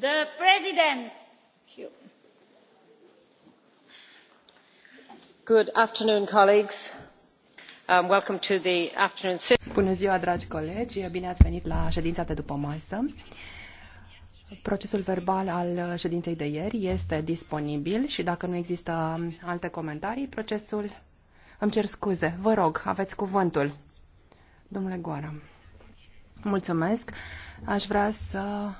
The President. Good afternoon, colleagues. Um, welcome to the afternoon Bună ziua, dragi colegi. Bine ați venit la ședința de după masă. Procesul verbal al ședinței de ieri este disponibil și dacă nu există alte comentarii, procesul... Îmi cer scuze, vă rog, aveți cuvântul. Domnule Goara, mulțumesc. Aș vrea să